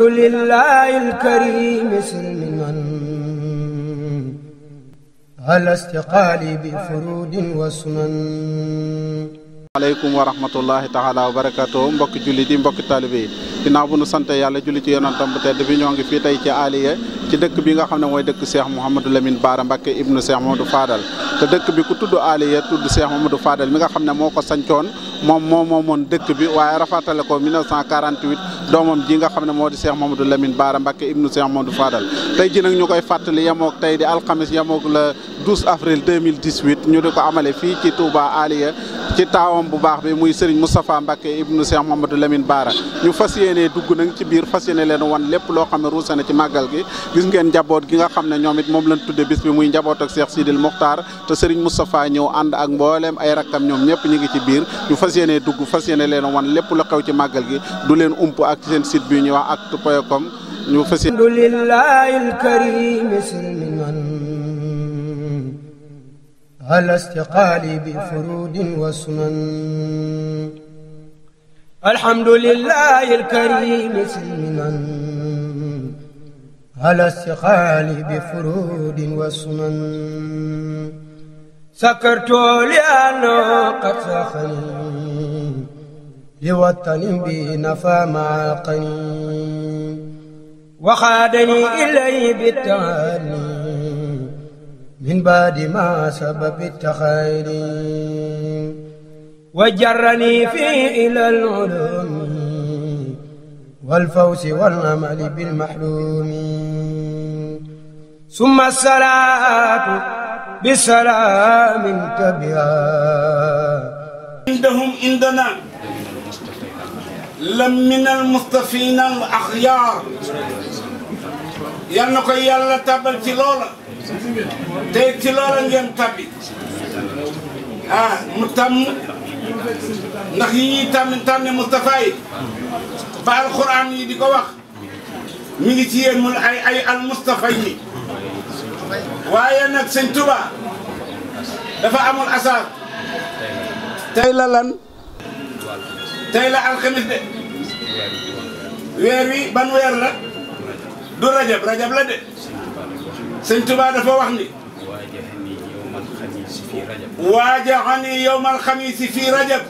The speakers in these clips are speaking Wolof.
الحمد لله الكريم سلما على استقالي بفرود وسنن aleykum wa rahmatullahi taala wa barakaatu mbokki julli di mbokki taalibe yi ginnaaw bu nu sant yàlla julli ci yonantam bu tedd bi ñoo ngi fii tey ci aliye ci dëkk bi nga xam ne mooy dëkk Cheikh Mouhamadou Lamine Bara Mbacké ibnu Cheikh Mouhamadou Fadal te dëkk bi ku tudd Aliya tudd Cheikh Mouhamadou Fadal mi nga xam ne moo ko sancoon moom moo moomoon dëkk bi waaye rafatale ko 1948 doomam ji nga xam ne moo di Cheikh Mouhamadou Lamine Bara Mbacké ibnu Cheikh Mouhamadou Fadal tey ji nag ñu koy fàttali yemook tey di alxamis yemook la 12 avril 2018 ñu di ko amale fii ci Touba Aliya ci taawam bu baax bi muy Serigne Moustapha Mbacké ibnu Cheikh Mouhamadou Lamine Bara ñu fas yéenee dugg nag ci biir fas yéene leen wan lépp loo xam ne ruusane ci màggal gi gis ngeen njaboot gi nga xam ne ñoom it moom lañ tudde bis bi muy njaboot ak Cheikh Sidil Mokhtar te Serigne Moustapha ñëw ànd ak mbooleem ay rakkam ñoom ñëpp ñu ngi ci biir ñu fas yéene dugg fas yéene leen wan lépp la xew ci màggal gi du leen ump ak ci seen site bi ñuy wax actu.com ñu fas yéene alhamdulillahil karim ala istiqaali bi furudin على استقال بفرود وسنن سكرت لأنه قد سخني لوطن بي نفى مع القني وخادني إليه بالتهاني من بعد ما سبب التخير وجرني فيه إلى العلوم والفوز والأمل بالمحلوم ثم الصلاة بسلام تبعا عندهم عندنا لم من المصطفين الأخيار yal na ko yàlla tabal ci loola tey ci loola ngeen tabbi ah mu tàmm ndax yi ñuy tàmm tànne Moustapha yi ba alxuraan yi di ko wax mi ngi ci yéen mun ay ay al Moustapha yi waaye nag sëñ Touba dafa amul asaar. tey la lan. tey la alxamis de. weer wi ban weer la. du rajab rajab la de. sëñ Touba dafa wax ni. waajaxani yowmal xamiisi fii rajab. waajaxani yowmal xamiisi fii rajab.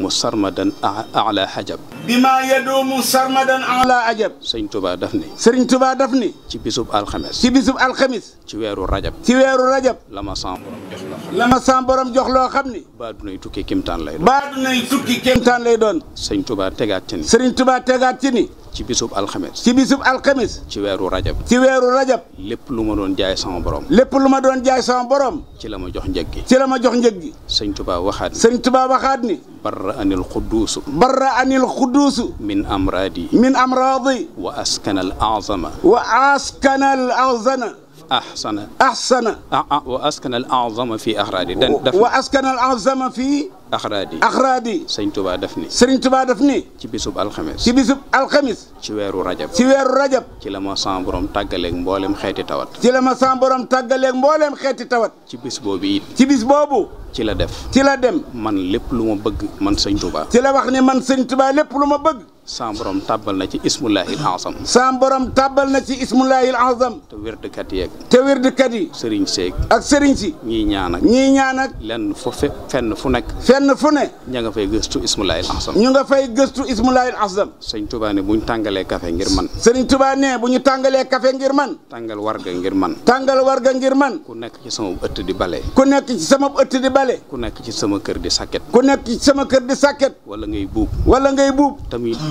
mu sarmadan ala hajab bi maa yadoomu sarmadan ala ajab sëñ Touba daf ni sëriñ Touba daf ni ci bisub alxames ci bisub alxames ci weeru rajab ci weeru rajab la ma san xam la ma san borom jox loo xam ni baadunay tukki kémtaan lay doon baadunay tukki kémtaan lay doon sëñ Touba tegaat ci ni tegaat ci ci bisub alxames ci bisub alxames ci weeru rajab ci weeru rajab lépp lu ma doon jaay sama borom lépp lu ma doon jaay sama borom ci la ma jox njëg gi ci la ma jox njëg gi sëñ tubaa waxaat ni sëñ tubaa waxaat ni barra anil xudduusu barra anil xudduusu min amraadi min amraadi wa askanal azama wa askanal azana ahsana ahsana wa askana al azama fi axraadi dan daf wa askana al azama fi axraadi axraadi sëñ Tuba daf ni sëriñ Tuba daf ni ci bisub alxamis ci bisub alxamis ci weeru rajab ci weeru rajab ci la ma san borom tàggaleeg mboolem xeeti tawat ci la ma san borom tàggaleeg mboolem xeeti tawat ci bis boobu it ci bis boobu ci la def ci la dem man lépp lu ma bëgg man sëñ Tuba ci la wax ni man sëñ Tuba lépp lu ma bëgg sam borom tàbbal na ci ismullahil azam sam borom tàbbal na ci ismullahil azam te wérdkat yeeg te wérdkat yi sëriñ seeg ak sëriñ si ñii ñaan ak ñii ñaan ak lenn fu fe fenn fu nekk fenn fu ne ña nga fay gëstu ismullahil azam ñu nga fay gëstu ismullahil azam sëriñ Tuubaa ne bu ñu tàngalee kafe ngir man sëriñ Tuubaa ne bu ñu tàngalee kafe ngir man tàngal warga ngir man tàngal warga ngir man ku nekk ci sama ëtt di bale ku nekk sama ëtt di bale ku nekk ci sama kër di sàkket ku nekk ci sama kër di sàkket wala ngay buub wala ngay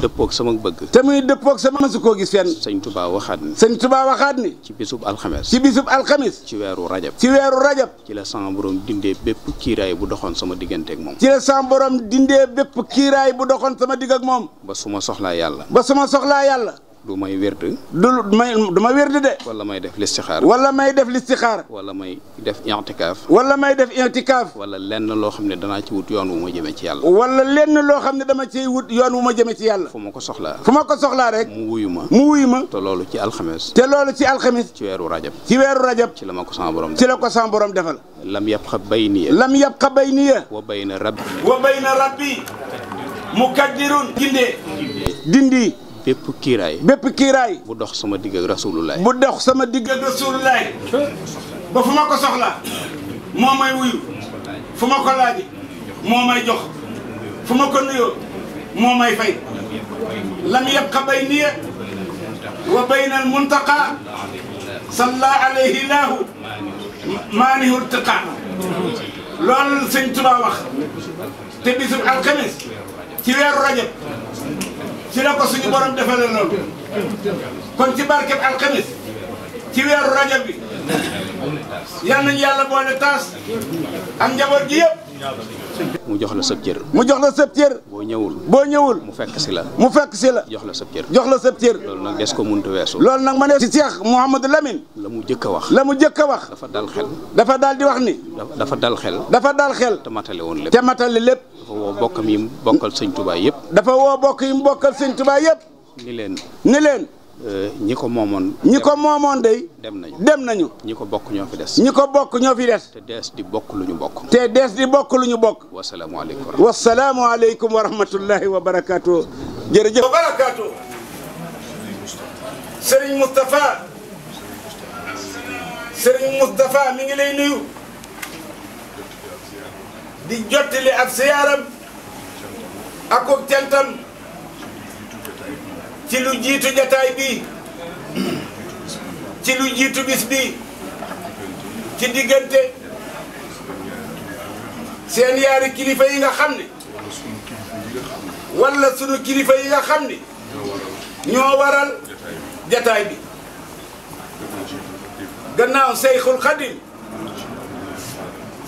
dëppoog sama bëgg te muy dëppoog sama mësu koo gis fenn tubaa waxaat ni sëñ tubaa waxaat ni ci bisub alxames ci bisub alxames ci weeru rajab ci weeru rajab ci la sama borom dindee bépp kiiraay bu doxoon sama digganteeg moom ci la sama borom dindee bépp kiiraay bu doxoon sama digg moom ba su ma yàlla ba su yàlla du may wérd du may du ma wérd de wala may def listixaar wala may def listixaar wala may def intikaaf wala may def intikaaf wala lenn loo xam ne danaa ci wut yoon wu ma jëmee ci yàlla wala lenn loo xam ne dama ciy wut yoon wu ma jeme ci yàlla fu ma ko soxla fu ma ko soxlaa rek mu wuyu ma mu wuyu ma te loolu ci alxames te loolu ci alxemes ci weeru rajab ci weeru rajab ci la ma ko sama borom ci ko sama borom defal lam yabqa bayniya lam xa bayniya wa bayna rabbi wa bayna rabbi mukaddirun gindee dindi bépp kiiraay. bépp kiiraay. bu dox sama digg ak rasulullah. bu dox sama digg ak rasulullah. ba fu ma ko soxlaa. moo may wuyu. fu ma ko laaji moo may jox. fu ma ko nuyoo. moo may fay. lam yabqa bayniya wa bayna al muntaqa salla alayhi laahu maanihu irtiqa loolu wax te bisub alxames ci weeru rajab ci la ko suñu borom defalee loolu kon ci barkeb alxamis ci weeru rajab bi yal nañu yàlla boole taas am njaboot gi yëpp. mu jox la sëb cër. mu jox la sëb boo ñëwul. boo ñëwul. mu fekk si la. mu fekk si la. jox la sëb cër. jox la sëb loolu nag des ko mënut weesu. loolu nag ma ne si Cheikh Mouhamadou Lamine. la mu jëkk a wax. la mu jëkk a wax. dafa dal xel. dafa daal di wax ni. dafa dal xel. dafa dal xel. te matale woon lépp. te lépp. woo bokkam yi mu bokkal sëñ Touba yëpp. dafa woo bokk yi mu bokkal sëñ Touba yëpp. ni leen. ni leen. Eh, ñi ko moomoon. ñi ko moomoon day. dem nañu dem nañu. ñi ko bokk ñoo fi des. ñi ko bokk ñoo fi des. te dees di bokk lu ñu bokk. te dees di bokk lu ñu bokk. wasalaamualeykum. wasalaamualeykum wa rahmatullahi wa barakaatu. jërëjëf. wa barakaatu. Serigne Moustapha. Serigne Moustapha mi ngi lay nuyu. di jottali ab siyaaram akub tentam ci lu jiitu jataay bi ci lu jiitu bis bi ci diggante seen yaari kilifa yi nga xam ne wala sunu kilifa yi nga xam ne ñoo waral jataay bi gannaaw Seyxul Xadim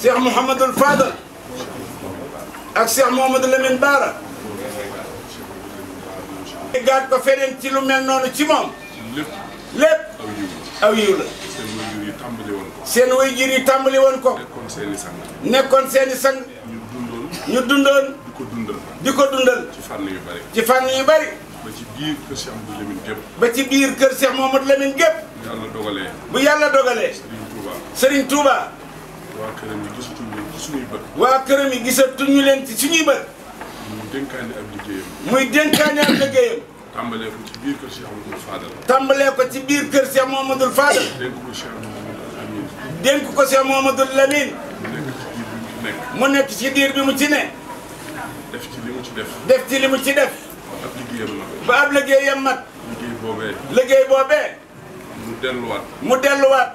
Cheikh Mouhamadul Fadal ak Cheikh Mouhamadou Lamine Bara gàtt ko feneen ci lu mel noonu ci moom lépp aw yiw la seen waajur yi tàmbali woon ko nekkoon seeni sang ñu dundoon di ko dundal ci fànn yu bari fànn yu bari ba ci biir kër Cheikh Mouhamadou Lamine gépp ci biir kër Cheikh Mouhamadou Lamine gépp bu yàlla dogalee Serigne Touba suñuy bët. waa këram yi gisatuñu leen ci suñuy bët. muy dénkaane ab liggéeyam. muy dénkaane ab liggéeyam. tàmbalee ko ci biir kër Cheikh Mamadou Fadal. tàmbalee ko ci biir kër Cheikh Mamadou Fadal. dénk ko Cheikh Mamadou Lamine. dénk ko Cheikh Mamadou Lamine. mu nekk bi mu ci ne. def ci li mu ci def. def ci li mu ci def. ba ab liggéeyam mat. ba ab mu delluwaat. mu delluwaat.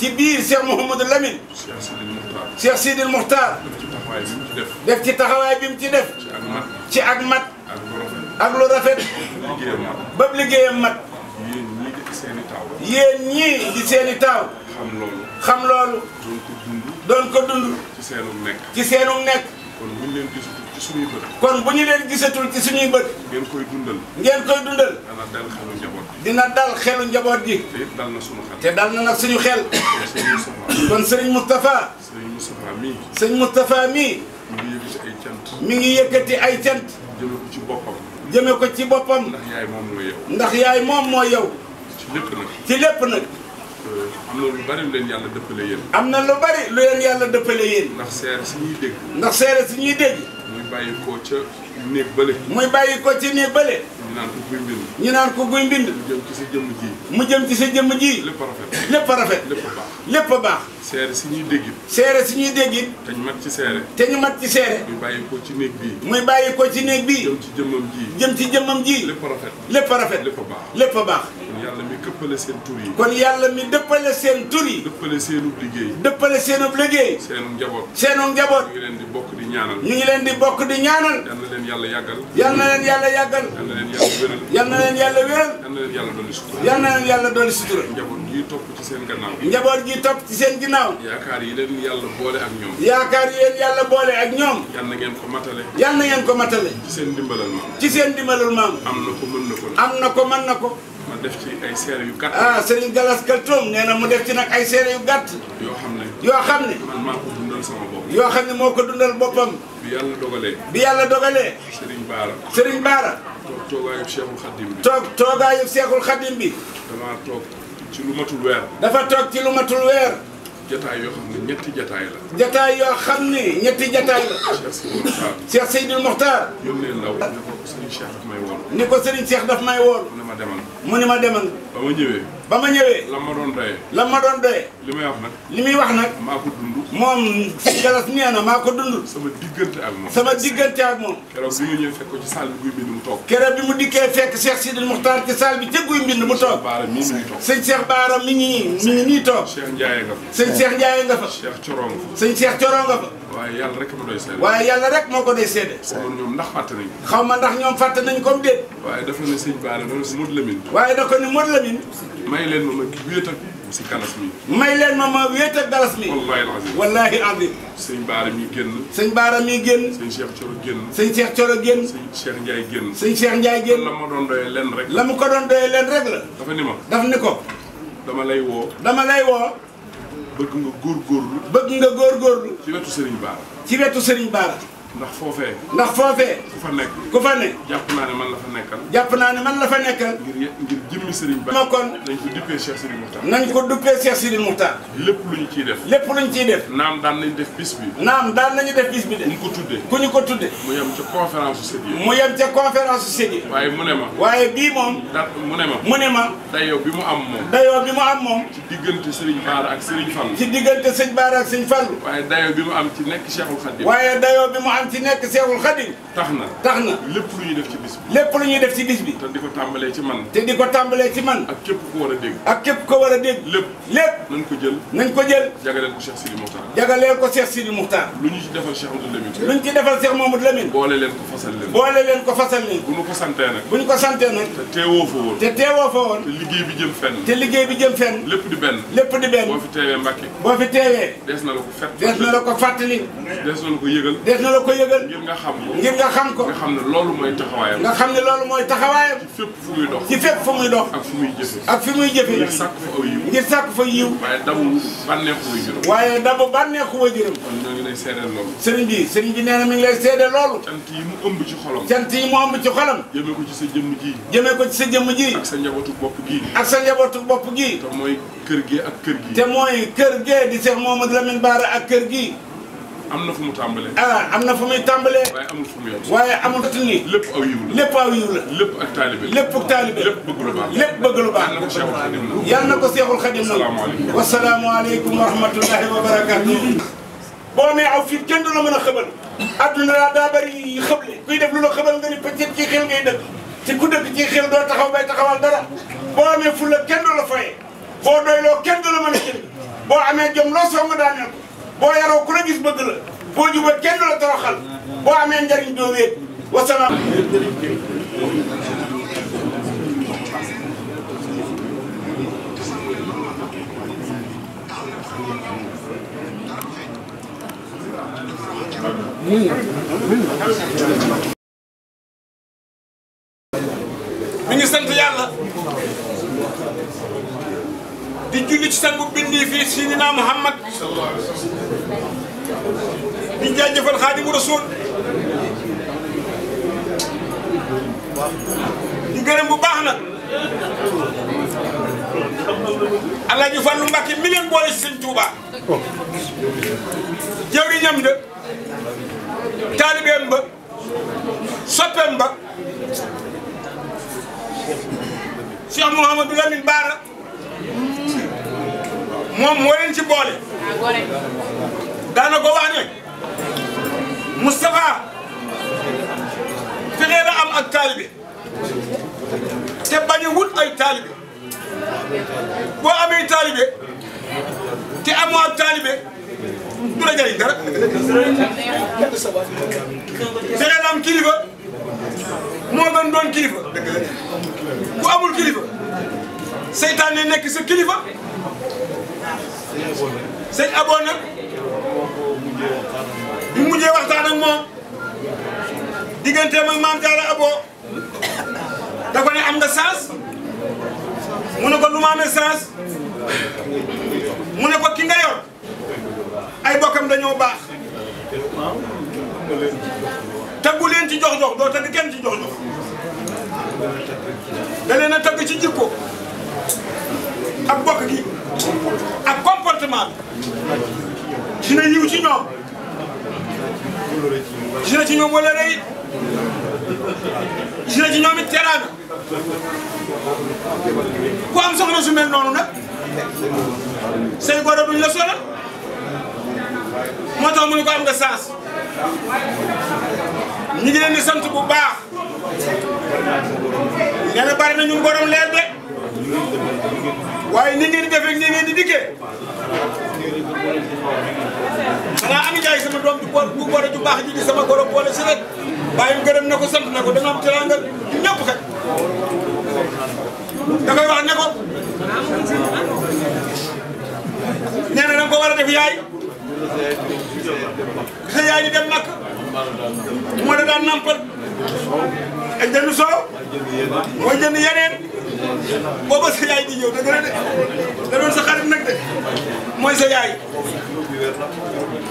ci biir Cheikh Mouhamadou Lamine. ci biir Cheikh Mouhamadou Lamine. Cheikh Sidil Moukhtar. Cheikh Sidil Moukhtar. def ci taxawaay bi mu ci ak mat. ci ak mat. ak lu rafet. ba liggéeyam mat. yéen ñii di seeni i taaw. yéen ñii seen xam loolu. xam ko dund. ci seenu nekk. ci seenu nekk. ci kon bu ñu leen gisatul ci suñuy bët. ngeen koy dundal. ngeen koy dundal. dana dal dina dal xelu njaboot gi. te dal na suñu xel. te dal nag suñu xel. kon sëriñ Moustapha. sëriñ Moustapha mii. sëriñ Moustapha mii. mi ngi yëkkati ay mi ngi yëkkati ay cant. jëme ko ci boppam. jëme ko ci boppam. ndax yaay moom mooy yow. ndax yaay moom mooy yow. ci lépp nag. ci lépp nag. am am na lu bari yàlla dëppale yéen. ndax seere si si ñuy dégg. bàyyi ko ca néeg bële. muy bàyyi ko ci néeg bële. ñu naan ko buy mbind. ñu naan ko buy mbind. mu jëm ci sa jëmm ji. mu jëm ci sa jëmm ji. lépp rafet. lépp rafet. lépp baax lépp baax. seere si ñuy déggit. seere si ñuy déggit. te ñu mat ci seere. te ñu mat ci seere. muy bàyyi ko ci néeg bii. muy bàyyi ko ci néeg bii. jëm ci jëmmam ji. jëm ci jëmmam ji. lépp rafet. lépp rafet. lépp baax lépp baax. yàlla mi dëppale seen tur yi. kon yàlla mi dëppale seen tur yi. dëppale seenub liggéey. dëppale seenub liggéey. seenu njaboot. seenu njaboot. ñu ngi leen di bokk ñaanal. ñu ngi leen di bokk di ñaanal. yal na leen yàlla yàggal. yal na leen yàlla yàggal. yal na leen yàlla wéral. yal na leen yàlla wéral. yal na leen yàlla dolli sutura. yal na leen yàlla dolli sutura. njaboot gi topp ci seen gannaaw. njaboot gi topp ci seen ginnaaw. yaakaar yi leen yàlla boole ak ñoom. yaakaar yi leen yàlla boole ak ñoom. yal na ngeen ko matale. yal na ngeen ko matale. ci seen dimbalal maam. ci seen dimbalal maam. am na ko mën na ko. am na ko mën na ko. ma def ci ay seere yu gàtt. ah Serigne Gallas Kaltoum nee na mu def ci nag ay seere yu gàtt. yoo xam ne. yoo xam ne. man maa ko dundal sama yoo xam ne moo ko dundal boppam. bi yàlla dogalee. bi yàlla dogalee. Serigne Baara. Serigne Baara. toog toogaayu Cheikhul Khadim bi. toog toogaayu Cheikhul Khadim bi. damaa toog ci lu matul weer. dafa toog ci lu matul weer. jataay yoo xam ne ñetti jataay la. jataay yoo xam ne ñetti jataay la. Cheikh Seydil Mokhtar. yónnee ndaw ni ko Serigne Cheikh daf ko Serigne Cheikh daf may woon. mu ne ma demal. mu ne ma demal. ba ma ñëwee. ba ma ñëwee. la ma doon doyee. la ma doon doyee. li may wax nag. li muy wax nag. maa ko dund. moom si galas nee na maa ko dund. sama diggante ak moom. sama diggante ak moom. keroog bi mu ñëwee fekk ko ci salle bi guy mbind mu bi mu dikkee fekk Cheikh Sidil Muxtaar ci salle bi ca guy mbind mu toog. sëñ Cheikh Baara mi ngi nii toog. sëñ Cheikh Baara mi ngi nii toog. Cheikh Ndiaye nga fa. sëñ Cheikh nga fa. Cheikh Coro nga fa. waaye yàlla rek moo doy seede. waaye yàlla rek moo ko doy seede. xaw ma ñoom ndax fàtte nañ ko. xaw ma ndax waaye dafa ne sëñ Baara dafa da ko ni Modou Lamine. may leen ma ma wéet ak si galas mi. may leen ma ma wéet ak galas génn. sëñ Baara mi génn. sëñ Cheikh Thioro génn. sëñ la ma doon doyee leen rek. la mu ko doon doyee leen rek la. dafa ni ma. daf ni ko. dama lay woo. dama lay woo. bëgg nga góorgóorlu. bëgg nga góorgóorlu. ci wetu Serigne Bara. ci wetu Serigne Bara. ndax foofee ndax foofee ku fa nekk ku fa nekk jàpp naa ne man la fa nekkal jàpp naa ne man la fa nekkal ngir ngir jëmmi Serigne Ba ma kon nañ ko duppee ko duppee Cheikh Serigne Moukhtar lépp lu ñu ciy def lépp def naam daan bi naam daan nañu def bis bi de ku ñu ko ñu ko tuddee mu yem ca conférence su sëñ mu waaye mu ne ma waaye bii moom da ne ma mu ne ma dayoo bi mu am moom dayoo bi mu moom ci diggante Serigne Bara ak Serigne Fall ci diggante Serigne Bara ak Serigne Fall waaye dayoo bi mu am ci nekk Cheikhul Khadim waaye dayoo bi mu am lam fi nekk seewul xadim tax na tax na lépp lu ñuy def ci bis bi lépp lu ñuy def ci bis bi te di ko tàmbalee ci man te di ko tàmbalee ci man ak képp ko war a dégg ak képp ko war a dégg lépp lépp nañ ko jël nañ ko jël jagaleel ko Cheikh Sidi Mouhtar jagaleel ko Cheikh Sidi Mouhtar lu ñu ci defal Cheikh Amadou Lamine lu ñu ci defal Cheikh Mamadou Lamine boole leen ko fasal leen boole leen ko fasal leen bu ñu ko santee nag bu ñu ko santee nag te teewoo fa woon te teewoo fa woon te liggéey bi jëm fenn te liggéey bi jëm fenn lépp di benn lépp di benn boo fi teewee Mbàkke boo fi teewee des na la ko fàttali des na la ko fàttali des na la ko yëgal des na la ko ko yëgal. ngir nga xam ko ngir nga xam ko. nga xam ne loolu mooy taxawaayam. nga xam ne loolu mooy taxawaayam. ci fépp fu muy dox ci fépp fu muy dox. ak fu muy jëfe ak fu muy jëfe ngir sàkk fa aw yiw ngir sàkk fa yiw. waaye damu bànneexu way juróom. waaye damu bànneexu way juróom. bi sëriñ bi nee mi ngi lay seedeel loolu. cant yi mu ëmb ci xolam. cant yi mu ëmb ci xolam. jëmee ko ci sa jëmm ji. ko ci sa jëmm ji. ak sa njabootu bopp gi. ak sa njabootu bopp gi. te mooy kër gee ak kër gi. te mooy kër gee di Cheikh Mouhamadou Lamine Bara ak kër gi am na fu mu tàmbalee. ah am na fu muy tàmbalee. waaye amul fu mu yem. waaye amul fu mu yem. lépp aw yiw la lépp aw yiw la. lépp ak taalibe lépp ak taalibe lépp bëgg lu baax lépp bëgg lu baax. yal na ko Seexul Xadim na wa salaamualeykum wa rahmatullahi wa barakaatuh. boo nee aw fit kenn du la mën a xëbal. adduna laa daa bëri xëble. kuy def lu la xëbal nga ni peut-être ci xel ngay dëkk. te ku dëkk ci xel doo taxaw bay taxawal dara. boo amee fulla kenn du la fayee. boo doyloo kenn du la mën a jënd. boo amee jom loo song daaneel ko boo yaroo ku la gis bëgg la boo jubal a la toroxal boo amee njariñ doo wéet wasalaam Mm. Mm. julli ci sangu bindi fii Sidina Muhammad di jaajëfal Xaadimu Rasuul di gërëm bu baax nag Alaaji Fallu Mbàkke mi leen boole ci Sëñ Tuuba jëwriñam de taalibeem ba soppeem ba Cheikh Mouhamadou Lamine Baara moom ci boole daana ko wax ne Moustapha fexee na am ak taalibe te bañ a wut ay taalibe boo amee taalibe te amoo ak taalibe du la jëriñ dara fexee na am kilifa moo gën kilifa ku amul kilifa seytaane nekk sa kilifa sëñ Abo nag bi mujjee waxtaan ak moom maam Diarra Abo da ko ne am nga sens mu ne ko lu ma amee sens mu ne ko ki ay bokkam lañoo baax taggu leen ci jox-jox doo tagg kenn ci jox-jox da leen a ci jikko. Alxuraan dina yiw ci ñoom dina ci ñoom wala rëy dina ci ñoom it teraanga ku am soxna su mel noonu nag say goro duñ la solal moo tax mu ne ko am nga sens ñu ngi leen bu baax nee na bari na ñu borom leer de waaye ni ngeen di defee ni ngeen di dikkee. xanaa Amy Ndiaye sama doom bu bu boole baax ji di sama goro boole si rek. waaye gërëm na ko sant na ko dana am teraanga ñëpp xaj. da koy wax ne ko. ko war a def yaay. sa yaay di dem nag. moo da daan nampal. ak jënd soow. mooy yeneen. booba sa yaay di ñëw da doon xarit nag de mooy sa yaay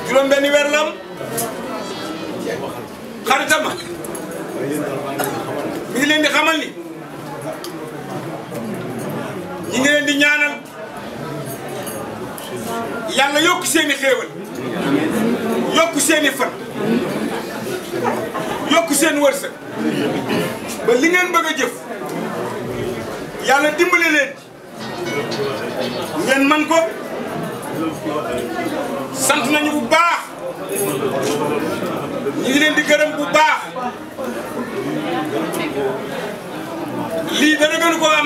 juróom benni weer la am xaritam mi ngi leen di xamal ni ñi ngi leen di ñaanal yàlla yokk seeni xéewal fan yokk seen wërsëg ba li ngeen ba a jëf yàlla dimbale leen man ko sant nañu bu baax leen di gërëm bu baax lii dana gën koo am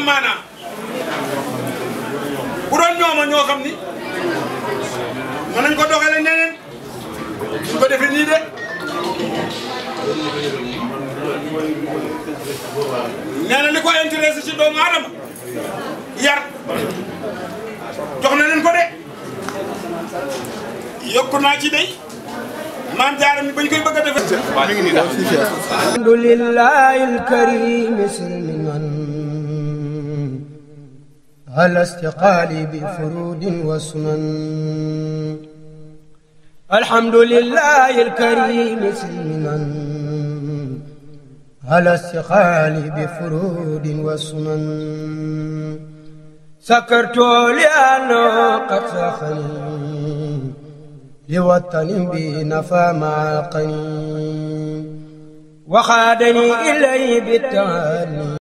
ñooma ñoo xam ni mën nañ ko doxale neneen su ko defee nee na li ko intéressé ci doomu aadama yar jox na leen ko de yokku naa ci dey maam jaaram ni bañ koy bëgg a defee. mi ngi nii daal alhamdulillahi alkarim salman ala istiqaali bi furudin wa sunan alhamdulillahi alkarim salman على السقال بفرود وسمن سكرت لأنه قد سخني لوطن بي نفى مع القني وخادني إليه بالتهاني